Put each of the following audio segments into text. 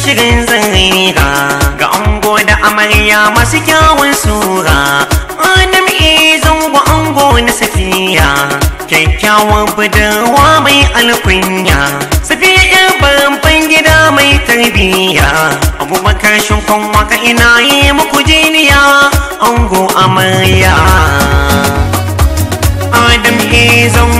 shirin zanira ga ango da amarya masu kyawun sura adam e zango ango na safiya kyakkyawan budurwa mai alkunya safiya yan banban gida mai tarbiya abubakar shukan waka ina yi muku jiniya ango amarya adam e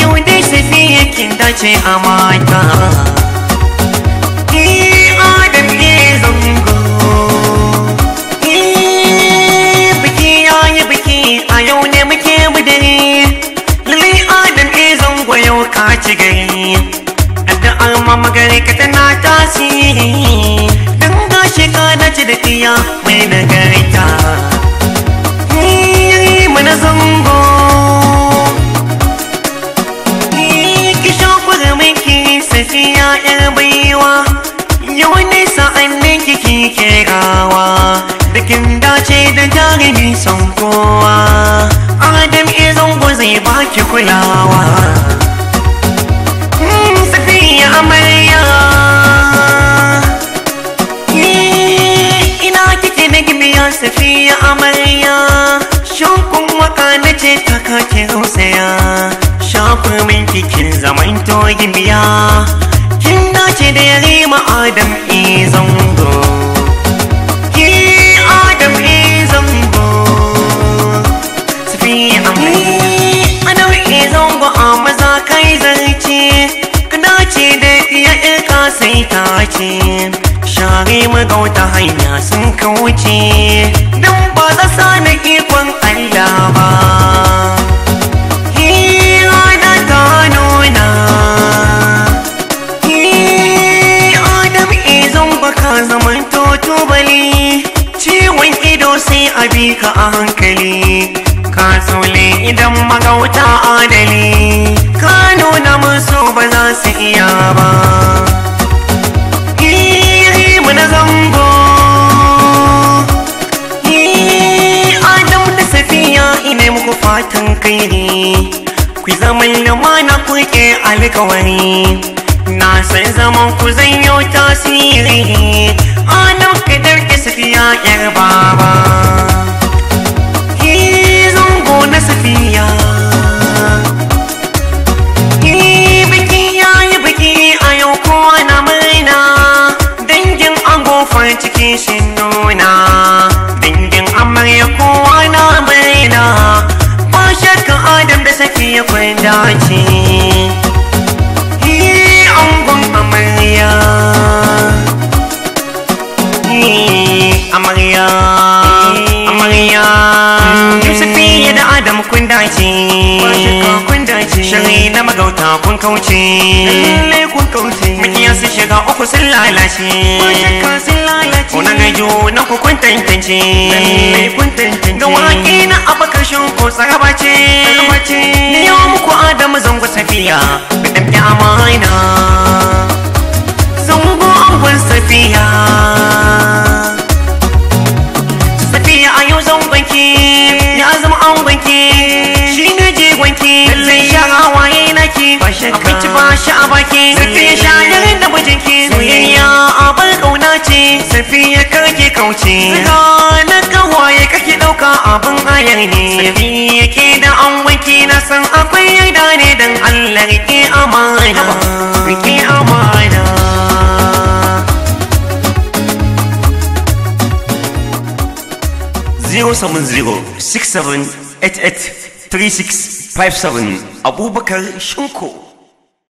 yau dai safiya kin dace a mata eh adam ne zango eh biki ya yi biki a yau ne muke budare lalle adam ne zango yau ka ci gari da alma magare ka tana tasiri dan gashi ka dace da iya mai nagarta eh mana zango zuciya yar baiwa yau an annin kiki kerawa bikin dace da jarumi son kowa adam izon eh, zai baki kulawa kurmin kikin zaman togin biya kin dace da yare ma adam e zango ki adam e zango safi amai adam e zango a maza kai zarce ka dace da iya ilka sai ta ce share magauta hanya sun kauce dan ba za ka zamanto tubali ciwon ido sai a bi ka a hankali ka sole idan magauta adali ka nuna musu ba za su iya ba mu na zango adam da safiya ina muku fatan kairi ku zaman da mana kuke alkawari na san zama ku zan yi tasiri alam kadar ki safiya yar baba ki zango na safiya ki biki yayi biki a yau kowa na dangin ango cikin ciki shi nuna dangin amarya kowa na murna ba shakka adam da safiya kun dace amarya mm. amarya mm. yusuf ya da adam kun dace kun dace shari na magauta kun kauce lallai kun kauce makiya su shiga uku sun lalace sun lalace kuna gajo na ku kun tantance lallai kun tantance ga waƙi na abakashin ko tsaraba ce ni yau muku adam zango safiya da ɗan amana shi a baki Safiya shayar da mijinki Soyayya abin kauna ce Safiya kake kauce Zana kawaye kake ɗauka abin ayar ne Safiya ke da an wanki na san akwai yada ne don Allah ke amana Ke amana Zero seven zero six seven eight eight three six five seven Abubakar Shinko